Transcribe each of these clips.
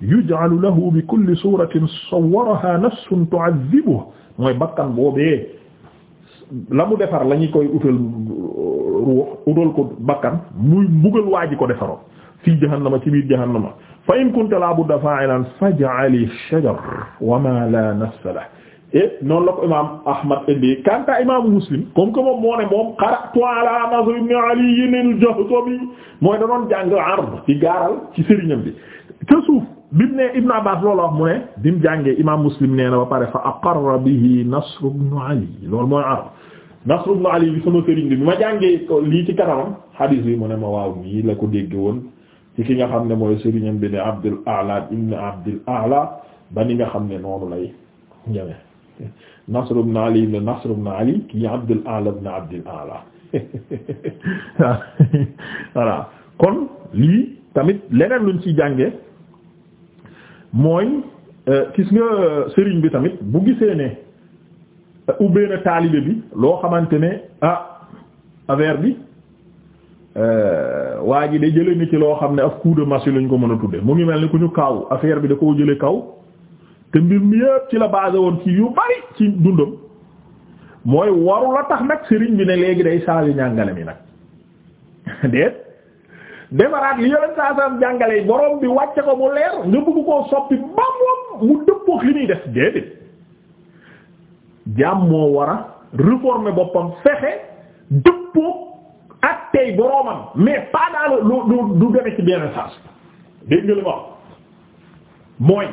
yuj'alu lahu bi kulli suratin sawwaraha nafsun tu'adhibuhu mooy bakkan boobee la mu defar la ñu koy utal euh, ruux utal ko bakkan muy mbugal waa ji ko defaroo fii jahannama ci biir jahannama fa in kunta la budda fa'ilan faj'ali shajar wa ma la nafsa lahu et noonu la ko imaam Ahmad indi kanta imaamu Muslim comme que moom moo ne moom qara'tu ala Nasr ibn Ali al-Jahdami mooy da doon jàng ard ci gaaral ci sëriñam bi ca suuf bi mu ne Ibn Abbas loolu wax mu ne bi mu jàngee imaam Muslim nee na ba pare fa aqarra bihi Nasr ibn Ali loolu mooy ar Nasr ibn Ali bi sama sëriñ bi ma jàngee lii ci kanamam hadis bi mu ne ma ko dégg ki nga xam ne mooy sëriñam bi ne Abdul A'la ibn Abdul A'la ba ni nga xam ne noonu lay ñëwee Nasr ibn Ali na Nasr ibn Ali kii Abdul A'la ibn Abdul A'la voilà kon lii tamit leneen luñ ci jàngee. mooy euh, gis nga euh, sëriñ bi tamit bu gisee ne euh, ubbee na taalibe bi loo xamante ne ah affaire bi waa ji de jële ni ci loo xam ne af coup de marché lañ ko mën a tudde mu ngi mel ni ku ñu kaaw affaire bi da koo jële kaw te mbir mi yëpp ci la basé woon ci yu bari ci dundam mooy waru la tax nag sëriñ bi ne léegi day changé ñàngale mi nag déet defaraat li yonent saa saa jàngale borom bi wàcce ko mu leer nga bëgg koo soppi ba moom mu dëppook li muy def déedéet jaam moo war a boppam fexe dëppook ak tey mais pas daal lu du ci benn saas dégg mooy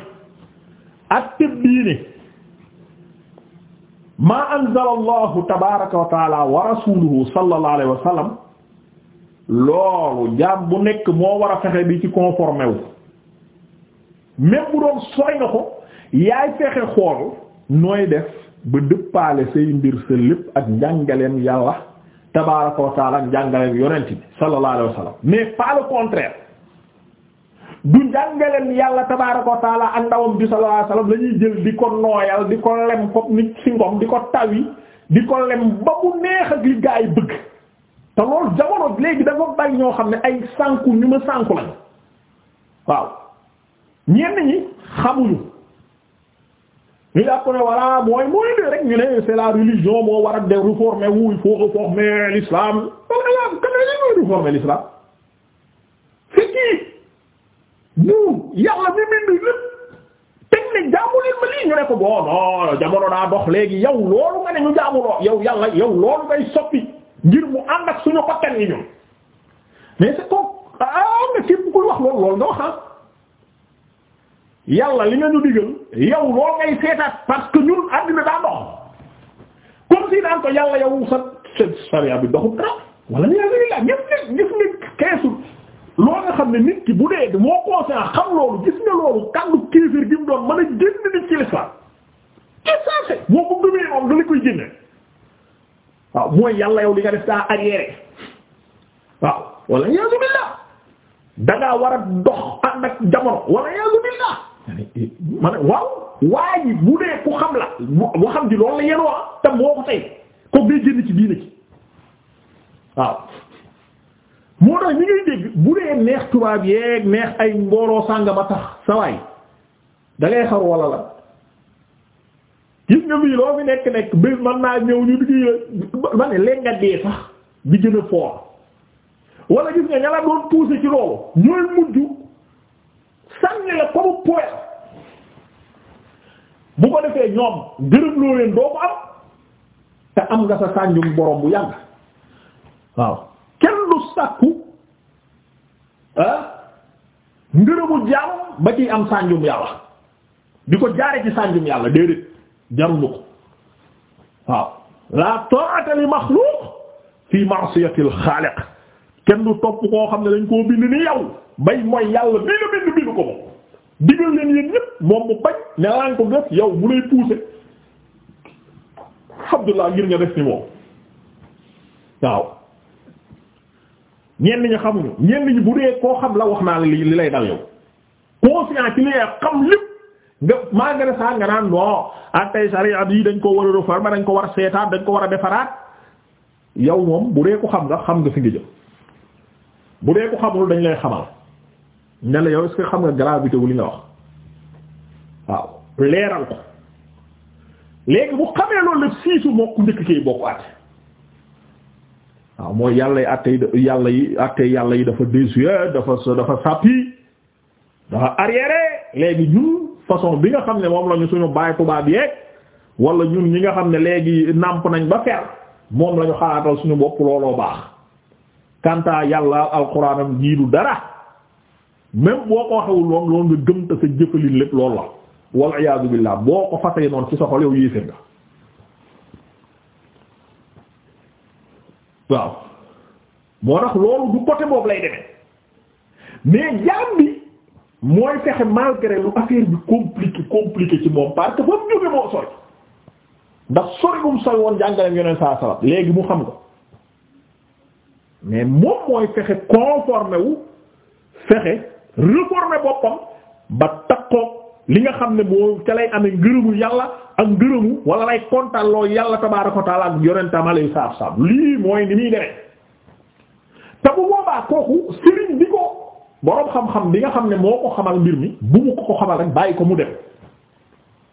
ak tëb diine ma anzala allahu tabaaraka wa taala wa rasuluhu sallallahu loolu jaam bu nekk moo war a fexe bi ci conformé wu même bu doon sori nga ko yaay fexe xool nooy def ba dëppaale say mbir sa lépp ak njàngaleem yàlla tabaaraka wa taala ak njàngaleem yonent bi sallallahu alayhi wa mais pas le contraire du njàngaleem yàlla tabaaraka wa taala ak ndawam bi sallallahu alayhi wa sallam jël di ko nooyal di ko lem ko nit si ngom di ko tawi di ko lem ba mu neex ak li gaa bëgg te loolu jamono léegi dafa bari ñoo xam ne ay sànku ñu ma sànku lañ waaw ñenn ñi xamuñu ñu jàpp ne voilà mooy mooy de rek ñu ne c'est la religion moo war a de réformer wu il faut réformer l'islam wala kan la réformer l'islam c'est qui nous yàlla mi bind lépp teg ne jaamu leen ma lii ñu ne ko bon non jamono daa dox léegi yow loolu nga ne ñu jaamu loo yow yàlla yow loolu ngay soppi. ngir mu ànd ak suñu bakkan yi ñun mais c'est comme ah nga képp ku wax loolu loolu nga wax ah. yàlla li nga ñu digal yow loo ngay seetaat parce que ñun àddina daa dox comme si daan ko yàlla yow sa sariya bi doxul dara wala ñu la gis nga gis nga keesu loo nga xam ne nit ki bu dee moo conscient xam loolu gis nga loolu kàddu kéefir gi mu doon mën a génn nit ci l'islam ci saa see ko gëmee moom da koy génne. waaw mooy yàlla yow li nga def daa arrière waaw wala yaasu billah dangaa war a dox ànd ak jamono wala yaasu billah ma ne waaw waa bu dee ku xam la bu xam ji loolu la yenoo te moo ko tey ko day génn ci diine ci waaw moo tax ñi ngay dégg bu dee neex tubaab yeeg neex ay mbooloo sàngama tax sawaay da ngay xar wala la gis nga fii loo fi nekk nekk bis man naa ñëw ñu di ma ne leen dee sax bi gën a foor wala gis nga ña la doon pousser ci loolu ñooy mujj sànni la comme poil bu ko defee ñoom gërëm loo leen doo ko am te am nga sa sànjum borom bu yàgg waaw kenn du sàkku ah ngërëmu jaam ba ciy am sànjum yàlla di ko jaare ci sànjum yàlla déedéet jaruñu ko waaw la ta'ata li maxluuq fi ma'siyati al kenn du topp koo xam ne dañ koo bind ni yow bay mooy yàlla bii la bind bind ko moom digal leen yéen moom mu bañ ne ko def yow mu lay pousser Abdullah ngir nga def ni moom waaw ñenn ñi xamuñu ñenn ñi bu dee koo xam la wax naa li lay dal yow conscient ci li xam lépp nga maa nga ne sax nga naan non attay sariya yi dañ ko war a réformer dañ ko war a seetaat dañ ko war a defaraat yow moom bu dee ko xam nga xam nga fi nga jëm bu dee ko xamul dañ lay xamal ne la yow est-ce que xam nga gravité wu li nga wax waaw leeral ko léegi bu xamee loolu la siisu moo ku njëkk kay bokk àtte waaw mooy yàlla yi àtte yi yàlla yi àtte yàlla yi dafa désuet dafa dafa sàppi dafa arriéré léegi ñun façon bi nga xam ne moom lañu suñu baay tubaab yeeg wala ñun ñi nga xam ne léegi nàmp nañ ba fer moom lañu ñu xalaatal suñu bopp looloo baax kanta yàlla alxuraanam jiidu dara même boo ko waxewul moom loolu nga gëm te sa jëfalin lépp loolu la wal iyaadu billaah boo ko fasee noonu ci sa xol yow yéeféer nga waaw moo tax loolu du côté boobu lay demee mais jaam bi mooy fexe malgré lu affaire bi compliqué compliqué ci moom parce que fa mu jóge moo sori ndax sori bu woon jàngaleem yoneen saa salaam léegi mu xam ko mais moom mooy fexe conformé wu fexe réformé boppam ba takkoog li nga xam ne moo ca lay amee ngërëmu yàlla ak ngërëmu wala lay kontaanloo yàlla tabaaraka ko taala ak yonentam alayhi salaam lii mooy ni muy demee te bu boobaa kooku sëriñ bi ko boroom xam-xam bi nga xam ne moo ko xamal mbir mi bu mu ko ko xamal rek bàyyi ko mu dem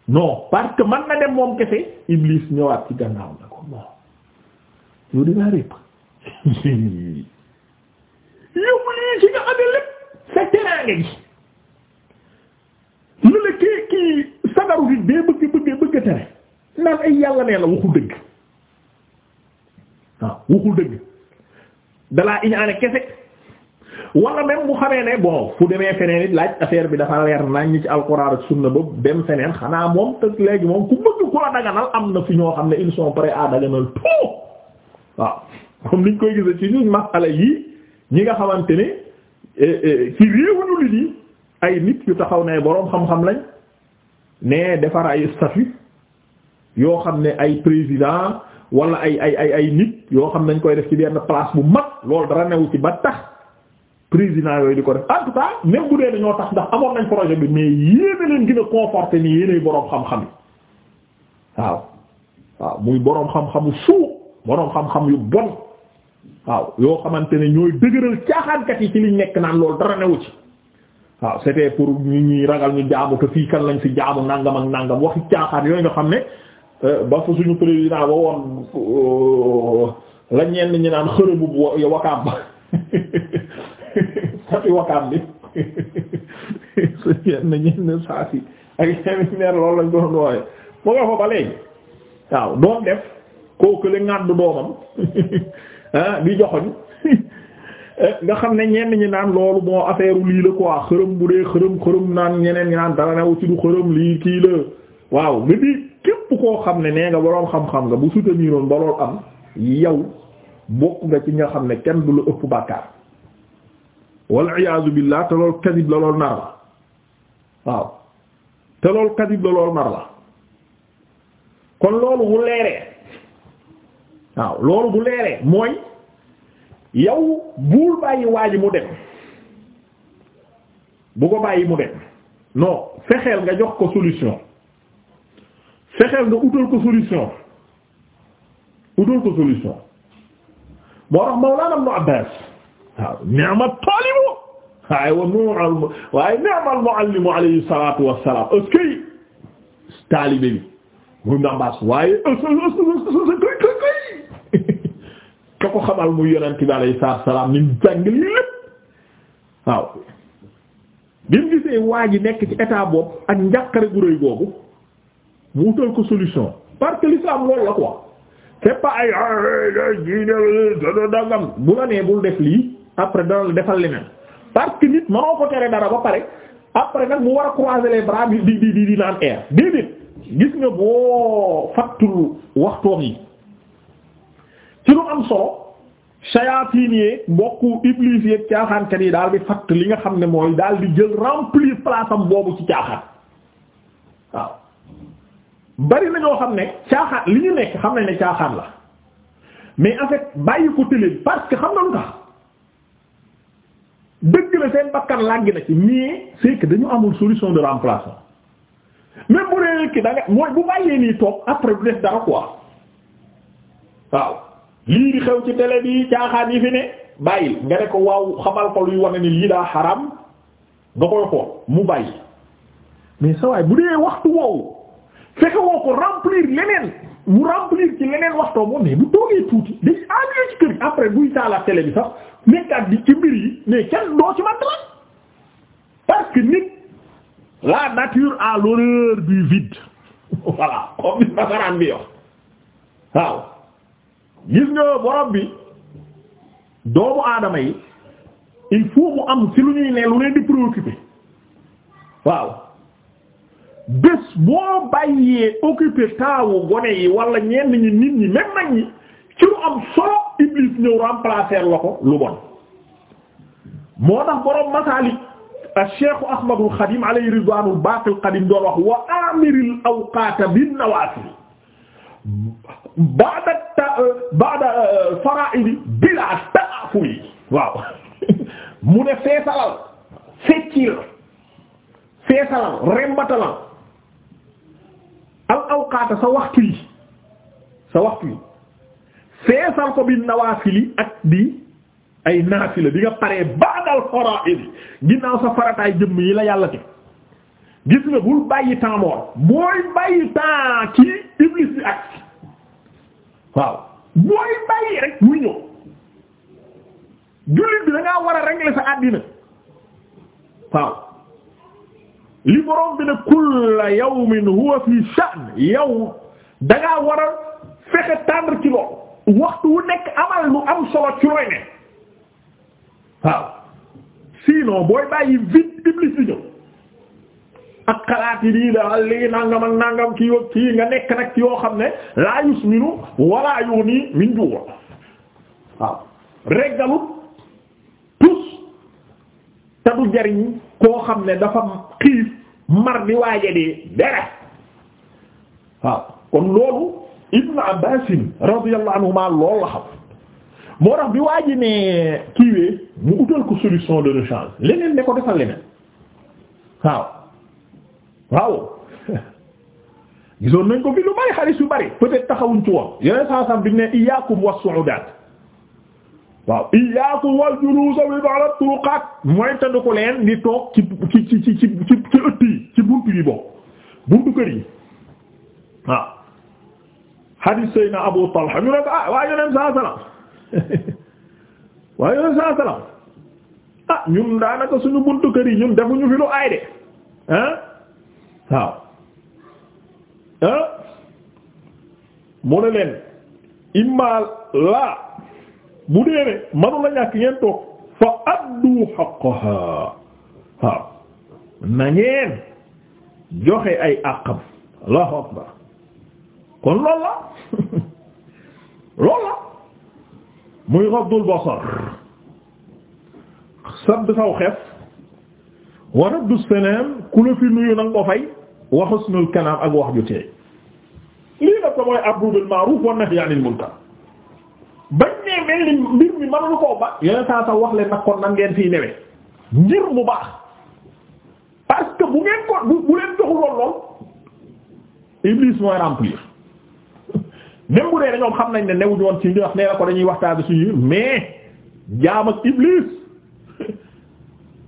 non parce que man na dem moom kese Iblis ñëwaat ci gannaaw na ko non yow dinaa répp yow lii ci nga amee lépp sa teraanga gi lu la kii kii sagaru bi bee bëgg bëgg bëgg tere naan ay yàlla nee la waxul dëgg waaw ah, waxul dëgg dalaa iñaane kese wala même mu xamee ne bon fu demee feneen it laaj affaire bi dafa leer nañ ci alxuraan ak sunna ba dem feneen xanaa moom te léegi moom ku bëgg ku la daganal am na fi ñoo xam ne ils sont prêts à daganal tout waaw comme liñ koy gisa ci ñun masala yi ñi nga xamante ne eh, eh, ci réewanu li nii ay nit yu taxaw ne boroom xam-xam lañ ne defar ay statut yoo xam ne ay président wala ay ay ay ay nit yoo xam nañ koy def ci benn place bu mag loolu dara newu ci ba président yooyu di ko def en tout bu dee dañoo tax ndax amoon nañ projet bi mais yéena leen gën a conforté ni boroom xam-xam yi waaw waaw muy boroom xam-xamu suu boroom xam-xam yu bon waaw yoo xamante ne ñooy dëgëral caaxaankat yi ci liñ nekk naan loolu dara newu ci waaw c'était pour ñu ñuy ragal ñu jaamu te fii kan lañ fi jaamu nangam ak nangam waxi caaxaan yooyu nga xam ne euh, ba fa suñu président ba woon euh, la ñenn ñi naan xërëbu xati wakaam bi su yenn ñenn saa si ak yenn meer loolu lañ doon woowe mu nga fa ba léegi waaw doom def kooku la ngàdd doomam ah, di joxoñ eh, nga xam ne ñenn ñi naan loolu moo affaire lii la quoi xërëm bu dee xërëm xërëm naan ñeneen ñi naan dara new ci du xërëm lii kii la waaw nga di képp koo xam ne nee nga boroom xam-xam nga bu soutenir woon ba loolu am yow bokk nga ci nga xam ne kenn du la ëpp bàkkaar wal iyaazu billah te loolu kadib la loolu nar la waaw te loolu kadib la loolu nar la kon loolu bu leeree waaw loolu bu leeree mooy yow buur bàyyi waa ji mu dem bu ko bàyyi mu dem non fexeel nga jox ko solution fexeel nga utal ko solution utal ko solution moo tax Mawlana Ibn Abbas waaw ni'ma talib waaye wa nu'al waaye ni'mal muallimu alayhi salaatu wassalaam ëskey taalibe bi muy nambaas waaye ka ko xamal muy yonent bi alayhi salaatu wassalaam nim jàng lépp waaw bi gisee waa nekk ci état boobu ak njàqare gu rëy mu wutal ko solution parce que l'islam la quoi c'est pas ay ah, eh, eh, eh, dangam bu la nee bul def lii après dana la defal leneen parce que nit mënoo ko tere dara ba pare après nag mu war a croiser les bras di di di di naan air déedéet gis nga boo fattul waxtoom yi ci lu am solo shayatin yi mbokku iblis yeeg caaxaankat yi daal di fatt li nga xam ne mooy daal di jël remplir place am boobu ci caaxaan waaw bari na ñoo xam ne caaxaan li ñu nekk xam nañ ne caaxaan la mais en fait bàyyi ko tëleel parce que xam na lu tax ne seen bakkan làggi na ci mais c'est que dañu amul solution de la même bu dee ki da nga mooy bu bàyyee nii toog après du def dara quoi waaw lii di xew ci télé bi caaxaan yi fi ne bàyyi nga ne ko waaw xamal ko luy wane ni lii daa xaram nga koy xool mu bàyyi mais sa waay bu dee waxtu woowu. fexe woo ko remplir leneen mu remplir ci leneen waxtoo bu toogee tuuti day ennuyé ci kër après buy taalaat télé bi sax nekkaat bi ci mbir yi mais kenn doo ci man dara parce la nature a l'horreur du vide voilà comme bi nasaraan bi yox waaw gis nga borom bi doomu aadama yi il faut mu am ci lu ñuy ne lu leen di préoccuper waaw bés boo bàyyee occupé taawu gone yi wala ñenn ñi nit ñi même mag ñi ci lu am solo Iblis ñëw remplacer la ko lu bon moo tax borom masaalik a cheikhu ahmadul xadim alayhi ridwanul baaqil doon wax wa amiril awqaata bin nawaafil ba'da ba'da euh, faraa'idi bila ta'afuli waaw mu ne feesalal feccil feesalal rembatalal al awqaata sa waxtu yi sa waxtu yi feesal ko bi nawaafili ak di ay naafila bi nga paree baadal faraa'id ginnaaw sa farataay jëmm yi la yàlla te gis nga bul bàyyi temps mort booy bàyyi temps ci iblis bi ak waaw booy bàyyi rek muy ñëw jullit bi da war a régler sa àddina waaw li borom bi ne kulla yawmin huwa fi sha'n yow da war a fexe tendre ci waxtu wu nekk amal lu am solo ci waaw sinon booy bàyyi vite iblis di ñëw ak xalaat yi lii daal lii nangam ak nangam kii yo kii nga nekk nag yoo xam ne laa yusminu wala yughni min ju' waaw reggalut tus te du jariñ koo xam ne dafa xiif mar bi waaja dee dara waaw kon loolu ibnu abbasin radiyallahu anhuma loolu la xam moo tax bi waaji ne kiiwee mu utal ko solution de rechange leneen ne ko defal leneen waaw waaw gisoon nañ ko fi lu bari xaalis yu bari peut-être taxawuñ ci woon yeneen saa sam biñ ne iyaakum was-su'udaat waaw iyaakum wal juluus bi mooy tëdd leen di toog ci ci ci yi bokk buntu kër yi waaw hadith sayna Abu Talha ñu ne ko ah waa yoneen saa salaam waa yoneen saa salaam ah ñun daanaka suñu buntu kër yi ñun defuñu fi lu aay ah waaw ah mu ne leen imma laa bu dee ne manu la ñàkk ngeen toog fa addu haqqaha waaw na joxe ay àqam allahu akbar kon lool la lool la muy raddul basar sadd saw xef wa raddu salam ku la fi nuyu nanga ko fay wa husnul kalam ak wax ju teey lii nag ko mooy amru bil ma'ruf wa nahyi 'anil munkar bañ ne mel ni mbir mi mënuñu koo ba yeneen saa wax leen nag kon nan ngeen fiy newee ngir mu baax parce que bu ngeen ko bu leen joxul woon lool Iblis mooy remplir même bu dee ñoom xam nañ ne newuñu woon ci ñu wax nee na ko dañuy waxtaan bi suñu mais jaam ak Iblis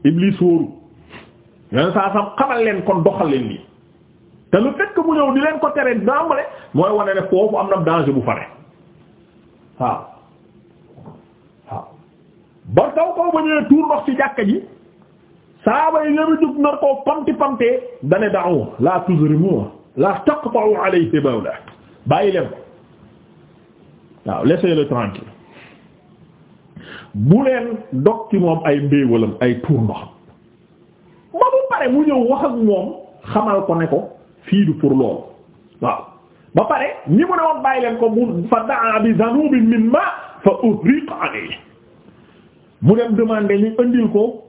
Iblis wóoru yenn saa sam xamal leen kon doxal leen lii te lu fekk mu ñëw di leen ko tere dàmbale mooy wane ne foofu am na danger bu fare waaw waaw ba taw kaw ba ñëwee tuur ndox ci jàkka ji. saaba yi ñëw jug nar dane da'u la tuzrimu la taqta'u alayhi bawla bàyyi leen ko waaw laissez-le tranquille bu leen dog ci moom ay mbéewalam ay tuur ndox bu pare mu ñëw wax moom xamal ko ne ko fii du pour loolu waaw ba pare ñi mu ne woon bàyyi ko fa daa bi zanubin min ma fa uhriq alayhi mu dem demander ñu andil ko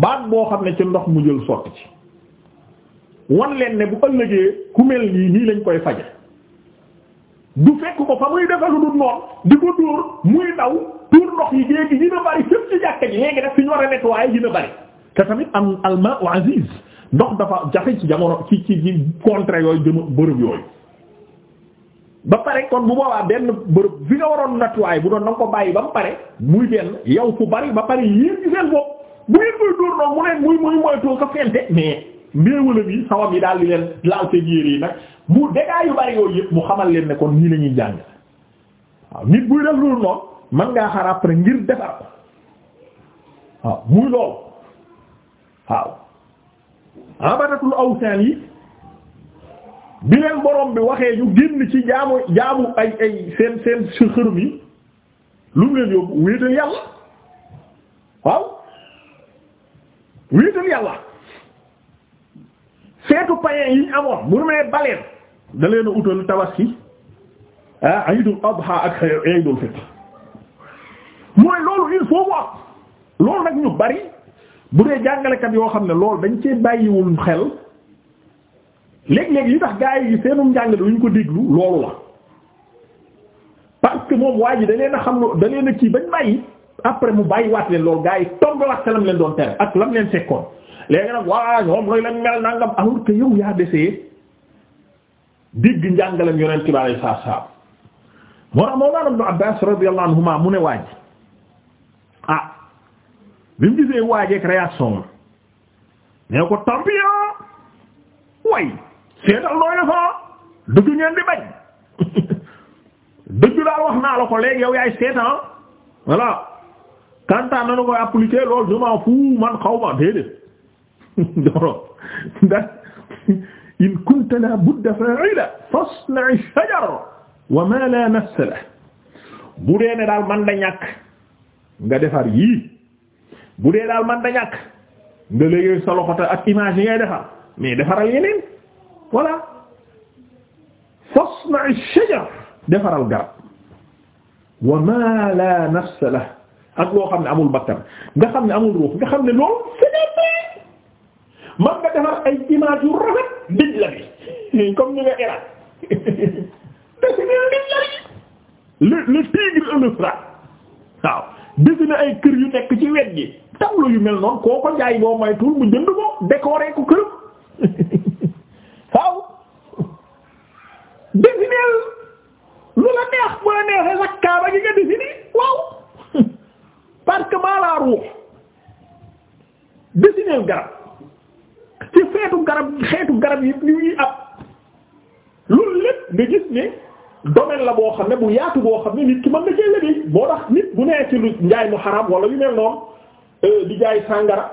baat boo xam ne ci ndox mu jël sotti ci wan leen ne bu ëllëgee ku mel nii nii lañ koy faje du fekk ko fa muy defalu du noon di ko dóor muy daw tuur ndox yi géegi dina bari fépp ci jàkka ji léegi daf fi ñu war a nettoyer dina bari te tamit am alma'u aziz ndox dafa jafe ci jamono ci ci ci contre yooyu jëm bërëb yooyu ba pare kon bu boobaa benn bërëb fi nga waroon nettoyer bu doon na ko bàyyi ba mu pare muy benn yow fu bari ba pare yéen ci mu ne muy muy moytoo ko fente mais mbéewalam yi sawam yi daal di leen laal seen yére yi nag mu dégâts yu bari yooyu yëpp mu xamal leen ne kon nii la ñuy jàng waaw nit buy def loolu noonu man ngaa xaar après ngir defar ko waaw muy loolu waaw abadatul awsan yi bi leen borom bi waxee ñu génn ci jaamu jaamu ay ay seen seen si xërëm yi lu mu leen yóbbu wéetal yàlla waaw wéetal yàlla feetu païen yi ñu amoon bu nu mee baleen da leen a utal tabaski ah Aïdul Adha ak Aïdul Fitr mooy loolu il faut mu loolu nag ñu bari bu dee jàngalekat yoo xam ne loolu dañ cee bàyyiwul xel léeg-léeg yi tax gaay yi seenum njàngale lu ñu ko déglu loolu la parce que moom waa ji daleen leen xam da leen kii bañ bàyyi. après mu bàyyiwaat leen loolu gaa yi tombalaat sa lam leen doon tere ak lam leen fekkoon léegi waa ñoom looy lañ mel nangam alors que yow yaa desee digg njàngalem yonent bi alei saatu salam moo tax Mawlana Ibn Abbas radiyallahu anhuma mu ne waaj ah bi mu gisee waajeek réaction ma ne ko tampiyo way seetal nooy defa dëgg ngeen di bañ dëgg daal wax naa la ko léegi yow yaay seetaan voilà kantaan nanu koy appliquer loolu je m'en fous man xaw ma déedéet doro ndax in kunta la budda fa'ila fasna'i wa ma la nafsa la bu ne daal man da ñàkk nga defar yii bu dee daal man da ñàkk nga léegi sa loxo ak image yi ngay defar mais defaral yeneen voilà fasna'i shajar defaral garab wa ma la nafsa la ak loo xam ne amul bakkan nga xam ne amul ruux nga xam ne loolu c'est man nga defar ay image yu rafet dij la bi comme ñu nga Irak dessiner dij la bi le le tigre et l'Euphrate waaw dessiner ay kër yu nekk ci wet gi tableau yu mel noonu koo ko jaay boo maytul mu jënd ko décorer ko këram waaw dessiner lu la neex bu neexee sa kaaba gi nga dessiner waaw parce que maa laa ruux dessiner garab ci xeetu garab xeetu garab yi ñu ñuy ab loolu lépp nga gis ne domaine la boo xam ne bu yaatu boo xam ne nit ki mën na cee liggéey boo tax nit bu nee ci lu njaay mu xaraam wala yu mel noonu euh, di jaay sàngara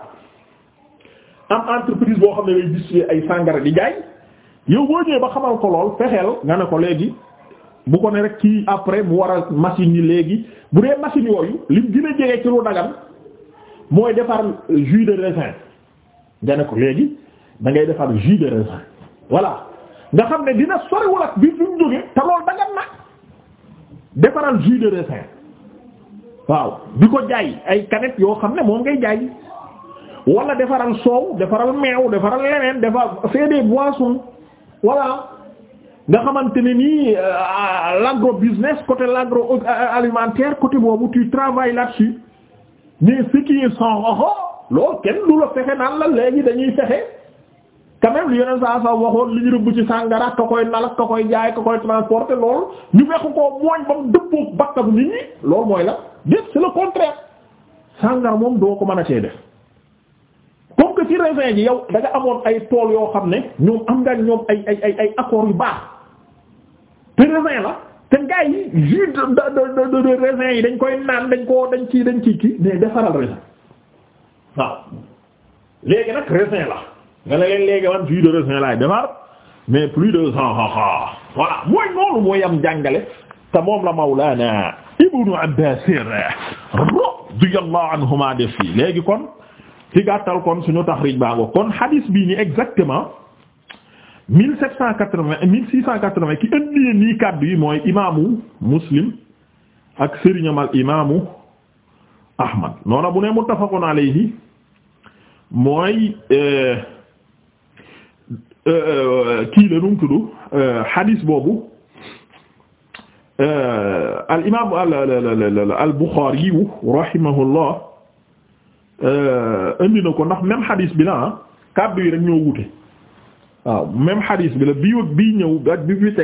am entreprise boo xam ne lay distribuer ay sàngara di jaay yow boo ñëwee ba xamal ko lool fexeel nga ne ko léegi. bu ko ne rek kii après bu war a machine yi léegi bu dee machine yooyu lim gën a jege ci lu dagan mooy defar jus de raisin nga ne ko léegi da ngay defar jus de raisin voilà nga xam ne dina soriwul ak biir jóge te loolu dagan na defaral jus de raisin waaw di ko jaay ay canette yoo xam ne moom ngay jaay wala defaral soow defaral meew defaral leneen defar c'est des boissons nga xamante ne nii euh, l'agro business côté l'agro alimentaire côté boobu tu travailles là-dessus mais ce qui est sans oho loolu kenn du la fexe naan la léegi dañuy fexe quand même yeneen saa saa waxoon li ñu rëbb ci sàngara ka koy nalak ka koy jaay ka koy transporter loolu ñu fexe koo mooñ ba mu dëppoo bakkanu nit ñi loolu mooy la def c'est le contraire sàngara moom doo ko mën a tee def nga ci raisin ji yow da amoon ay tool yoo xam ne ñoom am nga ñoom ay ay ay ay accords yu baax te raisin la te gars yi jus de de de raisin yi dañ koy naan dañ koo dañ ci dañ ci kii mais defaral raisin léegi nag raisin la nga ne leen léegi man jus de raisin defar mais plus de cent voilà mooy noonu mooy am jàngale te moom la Mawlana Ibnu Abbaas radiyallahu anhuma def fii léegi kon. ci gàttal kon tax taxrij baango kon hadis bii ni exactement mille sept cent quatre-vingt ki indi nii kaddu mooy imaamu muslim ak sëriñam al imaamu ahmad noona bu ne muttafaqun alayhi mooy euh, euh, kii la num tudd euh, boobu al imaam al al al Euh, indi na ko ndax même xadis bi la ah kàddu yi rek ñoo wute waaw même xadis bi la bii wëg bii ñëw ak bi fi te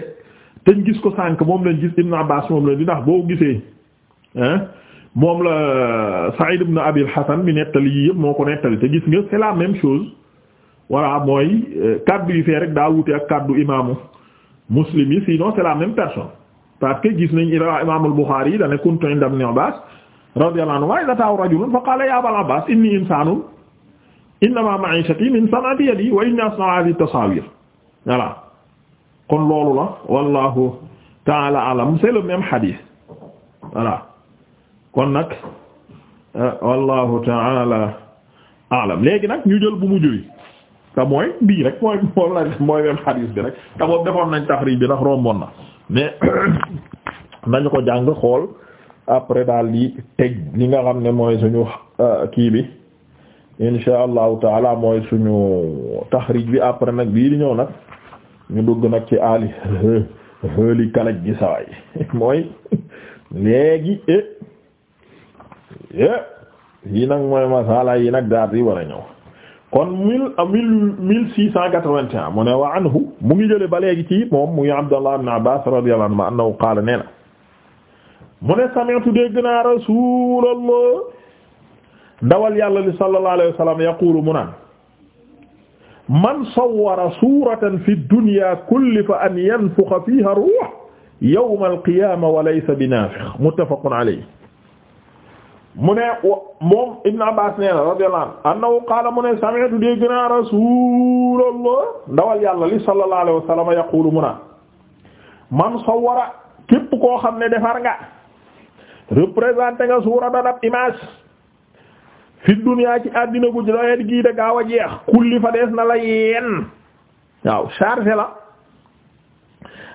teñ gis ko sànq moom lañ gis Ibn Abbas moom lañ di ndax boo gisee moom la euh, Sa'id ibn Abi al-Hasan bi nettali yii yëpp moo ko nettali te gis nga c'est la même chose mooy euh, kaddu yi fee rek daa wute ak kaddu imaamu Muslim yi sinon c'est la même personne parce que gis nañ imaamul Bukhari yi da ne kuntu inda radiyallahu anhu wa idha ta'a rajulun fa qala ya abal abbas inni insanun innama ma'ishati min san'ati yadi wa inni asna'u hadhihi tasawir voilà kon loolu la wallahu ta'ala alam c'est le même hadith voilà kon nag euh, wallahu ta'ala alam léegi nag ñu jël bu mu jëli te mooy bii rek mooy moom la mooy même hadith bi rek te boobu defoon nañ taxrij bi ndax romboon na mais nañu ko jàng xool après daal di teg li nga xam ne mooy suñu euh, kii bi insha allahu taala mooy suñu taxrij bi après nag bii di ñëw nag ñu dugg nag ci aali xëli kalaj gi saway mooy léegi e e lii nag mooy masala yi nag daal di war a ñëw kon mille mille mille six cent quatre-vingt-un mu ne wa anhu mu ngi jële ba léegi ci moom muy Abdallah ibn Abbas radiyallahu anhu annahu qaala nee na mu ne sami'tu dégg naa rasuulallah dawal yàlla li sallallahu alayhi wa sallam yaqulu mu naan man sawwara suuratan fi dunya kullifa an yanfuxa fiha ruux yawmal qiyaama wa laysa binaafiq muttafaqun alayhi mu ne moom Ibn Abbas nee na radiyallahu anhu annahu qaala mu ne sami'tu dégg naa rasuulallah dawal yàlla li sallallahu alayhi wa sallam yaqulu mu naan man sawwara képp koo xam ne defar nga. représenté nga suuratan ab image fi duniyaa ci àddina gu doyet gii da gaaw a jeex kulli fa dees na la yenn waaw chargé la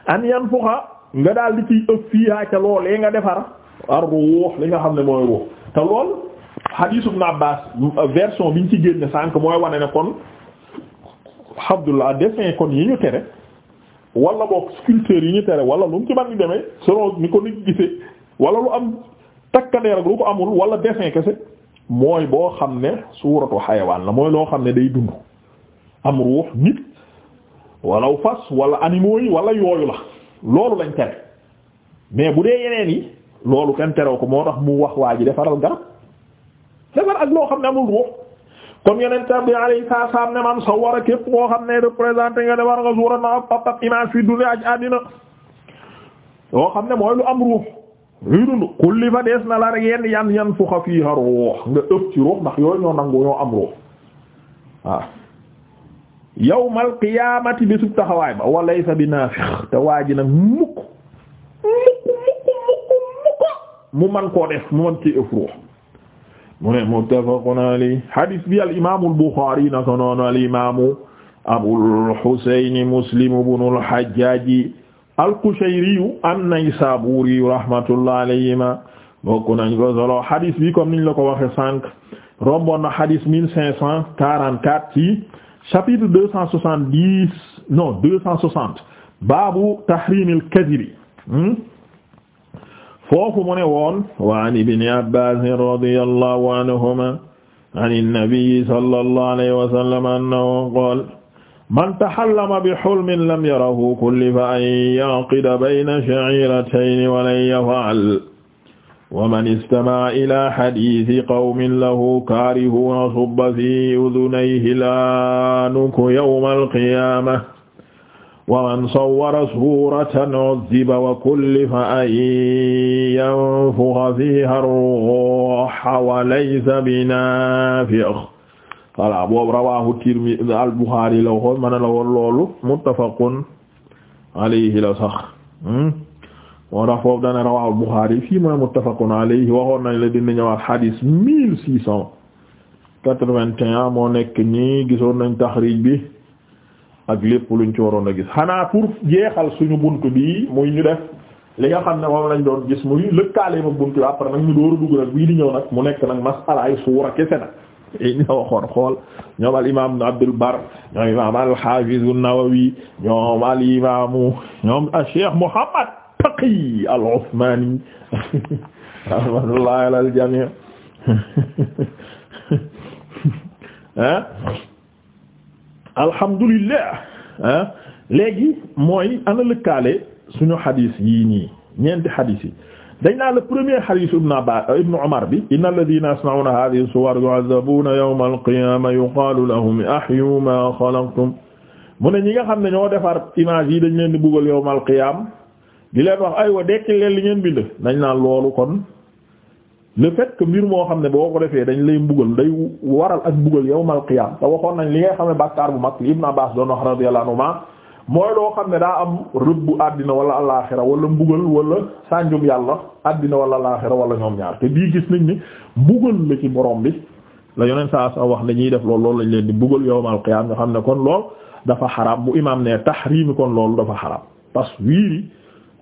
an yan fuxa nga daal di ciy ëpp fiihaa ca loolee nga defar ar ruux li nga xam ne mooy ruux te lool hadith ibn Abbas version biñ ci génne sànq mooy wane ne kon Abdullah dessin kon yi ñu tere wala boog sculpteurs yi ñu tere wala lu mu ci ban di demee ni ko nit gisee wala lu am takkandeer ak lu ko amul wala dessin kese mooy boo xam ne suuratu xayawaan la mooy loo xam ne day dund am ruux nit walaw fas wala animaux yi wala yooyu la loolu lañ tere mais bu dee yeneen yi loolu kenn terew ko moo tax mu wax waa ji defaral garab defar ak loo xam ne amul ruux comme yeneen tab bi alayhi salaam ne man sawara képp koo xam ne représenté nga defar nga suurat na ab ab image fi dunya aj loo xam ne mooy lu am ruux luy dund kulli fa dees na la rek yenn yan yan fuxa fii a ruux nga ëpp ci ruux ndax yooyu ñoo nangu ñoo am ruux waaw yawmal qiyaamati bésub taxawaay ba walaysa bi naafix te waa ji nag mukk mukk mukk mukk mukk mu man koo def mu man ci ëpp ruux mu ne muttafaqun alayhi hadis bi al imaamu al Buxaari na ko noonu al imaamu Abul Husayn Muslim ibnul Hajjaaji al-Qushayriyu an-Naysaburiyu rahmatullahi alayhima bokk nañ ko solo hadis bi comme niñ la ko waxe sànq romboon na hadis mille cinq cent quarante-quatre ci chapitre deux cent soixante-dix non deux cent soixante baabu tahrimil kadhibi foofu mu ne woon wa an ibni Abbaas radiyallahu anhuma an an-nabi sallallahu alayhi wa sallam annahu qaala man taxallama bi xulmin lam yarahu kullifa an yanqida bayna shaciratayni walan yafal wa man istamaca ila xadiisi qawmin lahu kaarihuuna subba fi udunayhi laanuku yawma alqiyaama wa man sawwara suuratan uddiba wa kullifa an yanfuxa fiiha ruuxa wa laysa binaafiq voilà boobu rawahu Tirmidhi al Bukhari la waxoon mën la woon loolu muttafaqun alayhi la sax hmm? moo tax foofu dana rawahu Bukhari fii mooy muttafaqun alayhi waxoon nañ la dina ñëwaat hadis mille six cent quatre-vingt-un moo nekk nii gisoon nañ taxriij bi ak lépp luñ ci waroon a gis xanaa pour jeexal suñu bunt bi muy ñu def li nga xam ne moom lañ doon gis muy lëkkaale ma bunt bi après nag ñu door a dugg nag bii di ñëw nag mu nekk nag masalaay suura yi ñu ñoom al imam Abdul Barr ñoom imam al-Hafiz an ñoom al imamu ñoom Cheikh Muhammad Taqi al-Uthmani rahmatullahi alal jami' ah alhamdulillah ah léegi mooy ana lëkkaale suñu xadis yii nii dañ naa le premier hadith ibn Abbas ibn Umar bi inna alladhina yasma'una hadhihi as-suwar yu'adhabuna yawma al-qiyamah yuqalu lahum ahyu ma khalaqtum mu ne ñi nga xam ne ñoo defar image yi dañ leen di buggal yawmal qiyam di leen wax aywa dekkil leen li ngeen bind dañ naan loolu kon le fait que mbir moo xam ne boo ko defee dañ lay mbugal day waral ak mbugal yawmal qiyam te waxoon nañ li nga xam ne bàkkaar bu mag li Ibn Abbas doon wax radiyallahu anhu mooy loo xam ne daa am rëbbu àddina wala alaaxira wala mbugal wala sànjum yàlla àddina wala alaaxira wala ñoom ñaar te bii gis nañ ni mbugal la ci borom bi la yoneen saa sa wax ne ñuy def loolu loolu lañ leen di mbugal yawmal qiyaam nga xam ne kon lool dafa xarab bu imaam ne tahriimi kon loolu dafa xaraam taswiiri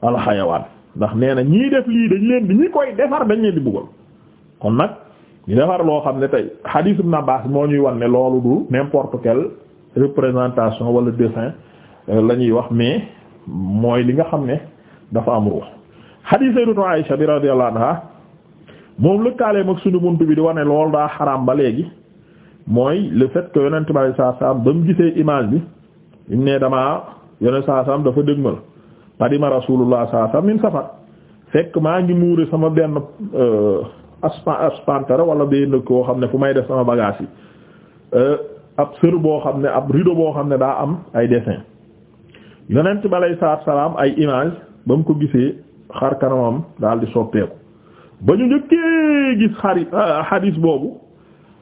alxayawaan ndax nee na ñii def lii dañ leen di ñi koy defar dañ leen di mbugal kon nag ñu defar loo xam ne tey hadith Ibn Abbas moo ñuy wan ne loolu du n'importe quelle wala dessin Euh, la ñuy wax mais mooy li nga xam ne dafa am ruux hadith sayyidatu Aisha bi radiyallahu anha moom lëkkaaleem ak suñu bunt bi di wane loolu daa xaram ba léegi mooy le fait que yonent bi sallallahu alayhi wasallam ba mu gisee image bi im ne damaa yonent sallallahu alayhi wasallam dafa dëgmal qadima rasulullah sallallahu alayhi wasallam safar fekk maa ngi muure sama benn euh, aspa aspantara wala benn koo xam ne fu may def sama bagage yi euh, ab sër boo xam ne ab rideau boo xam ne daa am ay dessin yonent bi alayhi salaam ay image ba mu ko gisee xar kanamam daal di soppeeku ba ñu njëkkee gis xari hadis euh, boobu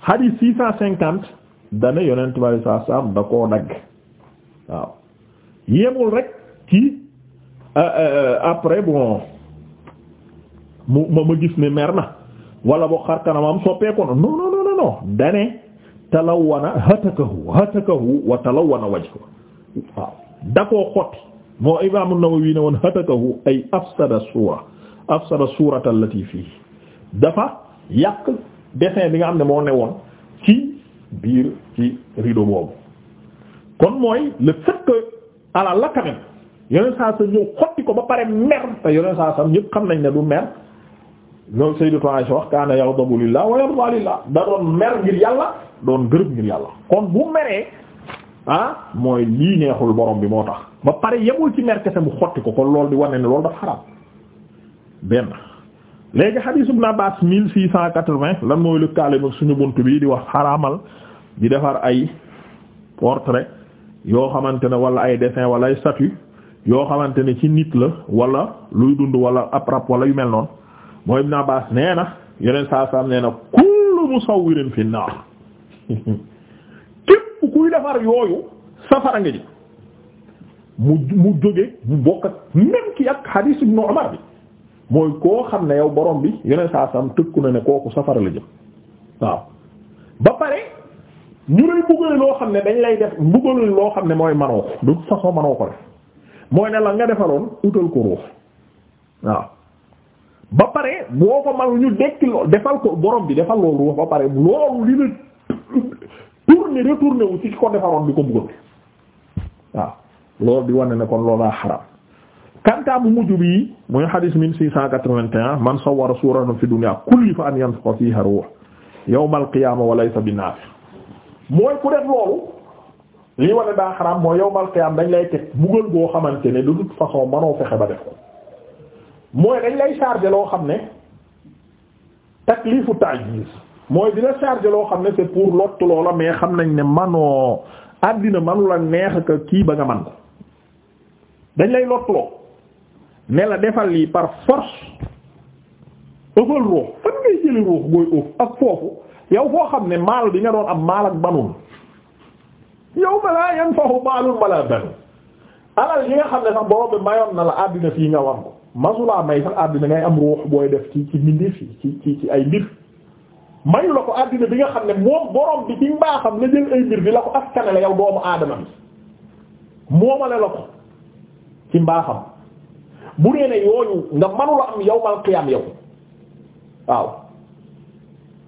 hadis six cent cinquante dane yonent bi alayhi salaatu salaam da koo dagg waaw yemul rek ci euh, euh, après bon mu ma ma gis ne mer na walla boo xar kanamam soppeeku na non non non non dane talawana hatakahu hatakahu wa talawana wajhu waaw da koo xotti moo Imaam An-Nawawi ne woon hatakahu ay afsada suura afsada suurata allati fii dafa yàq dessin bi nga xam ne moo ne woon ci biir ci rideau boobu kon mooy le fait que ala la quand même yeneen saa sa ñëw xotti ko ba pare mer te yeneen saa sa ñëpp xam nañ ne du mer ñoom Sayyidatu Aisha wax kaana yaghdabu lillah wa yarda lillah da doon mer ngir yàlla doon gërëm ngir yàlla kon bu meree. ah mooy lii neexul borom bi moo tax ba pare yemul ci mer kese mu xotti ko kon loolu di war ne loolu dafa xaraam benn léegi hadith Ibn Abbas mille six cent quatre-vingt lan mooy lëkkaale mag suñu bunt bi di wax xaraamal di defar ay portrait yoo xamante ne wala ay dessin wala ay statue yoo xamante ne ci nit la wala luy dund wala ab rab wala yu mel noonu mooy Ibn Abbas nee na yeneen saa saa nee na kullu fi naar képp kuy defar yooyu safara nga ji mu mu jóge mu bokk ak ki ak hadith ibn Umar bi mooy koo xam ne yow borom bi yeneen saa sam tëkku na ne kooku safara la jëm waaw ba pare ñu lay mbugal loo xam ne dañ lay def mbugal loo xam ne mooy manoo ko du façon manoo ko def mooy ne la nga defaloon utal ko ruux waaw ba pare boo ko manu ñu dekki lool defal ko borom bi defal loolu ruux ba pare loolu li la tourné retourné bi ko bëggoon waaw loolu di bi muy hadis 1681 man sawwara suratan fi dunya kulli fa an yanfaqa mooy ku def loolu lii wane daa xaram mooy yawmal qiyaam dañ lay teg buggal boo xamante ne du toute façon manoo fexe ba def ko mooy dañ lay charger loo xam ne taklifu ta'jiz mooy dina chargé loo xam ne c'est pour lottu la mais xam nañ ne manoo àddina manu la neex ka kii ba nga man ko dañ lay lottuloo ne la defal yi par force ëffal ruux fan ngay jëli ruux gooy óof ak foofu yow foo xam ne maal bi nga doon am maal ak banun yow ma laa yan faxu maalul balaa banun alal yi nga xam ne sax borom bi mayoon na la àddina fii nga war ko masulaa may sax àddina ngay am ruux booy def ci ci mbindeef yi ci ci ay mbir mayu la ko àddina bi nga xam ne moom borom bi ci mbaaxam ne jël ay mbir bi la ko askane la yow doomu aadama bi moomale la ko ci mbaaxam bu dee yooyu nga manula am yawmal qiyaam yow waaw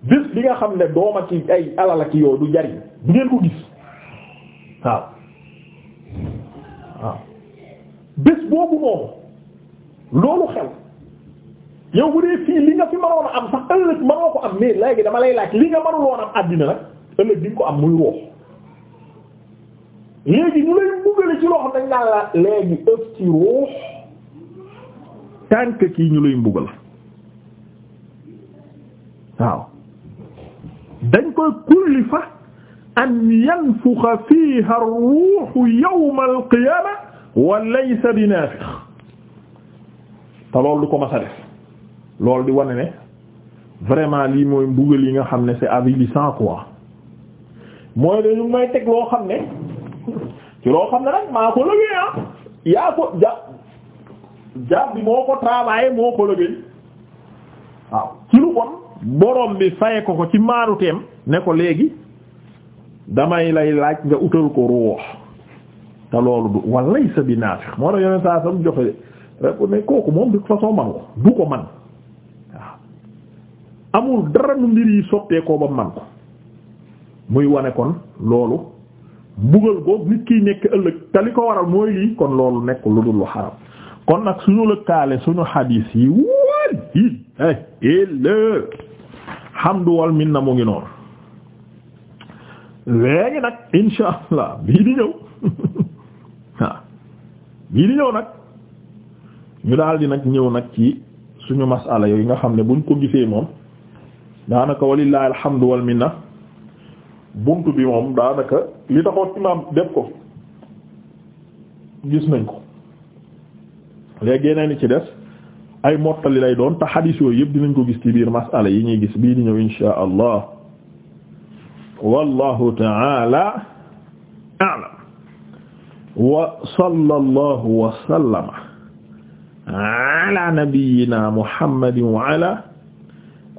bis bi nga xam ne dooma ci ay alal ak yooyu du jariñ du ngeen ko gis waaw waaw bis boobu moom loolu xew yow bu dee fii li nga fi mënoon a am sax ëllëg mënoo ko am mais léegi dama lay laaj li nga mënuloon am àddina nag ëllëg di ko am muy ruux léegi ñu lay mbugale ci loo xam dañ naan la ci ruux tànk kii ñu lay mbugal waaw dañ koy kulli fa an yanfuxa fiiha ar-ruuhu yawma al-qiyaama wa laysa bi naafix te loolu du ko mas a loolu di wane ne vraiment lii mooy mbugal yi nga xam ne c'est avilissant quoi mooy dañu may teg loo xam ne ci loo xam ne nag maa ko lëgéey ah yaa ko ja jab bi moo ko travaillé moo ko lëgéey waaw ci lu bon borom bi faye ko ko ci maaruteem ne ko léegi damay lay laaj nga utal ko ruux te loolu du walaysa bi naafix moo tax yeneen saa sam joxe rek ne kooku moom de façon man ko du ko man amul dara nu mbir yi sotteekoo ba man muy wane kon loolu bugal goog nit kiy nekk ëllëg te li ko waral mooy lii kon loolu nekk lu dul lu xaram kon nag suñu lëkkaale suñu xadiis yi wal hi ay ëllëg hamdu wal minna mu ngi noonu léegi nag insha bii di ñëw bii di ñëw nag ñu daal di nag ñëw nag ci suñu masala yi nga xam ne buñ ko gisee moom daanaka walillahi alhamdu wal minna buntu bi moom daanaka li taxoon imaam def ko gis nañ ko léegi yeneen ci des ay mottali lay doon te xadiis yooyu yëpp dinañ ko gis ci biir masala yi ñuy gis bii di ñëw insha allah wallahu taala a'lam wa sallallahu wa sallama ala nabiyyina muhammadin wa ala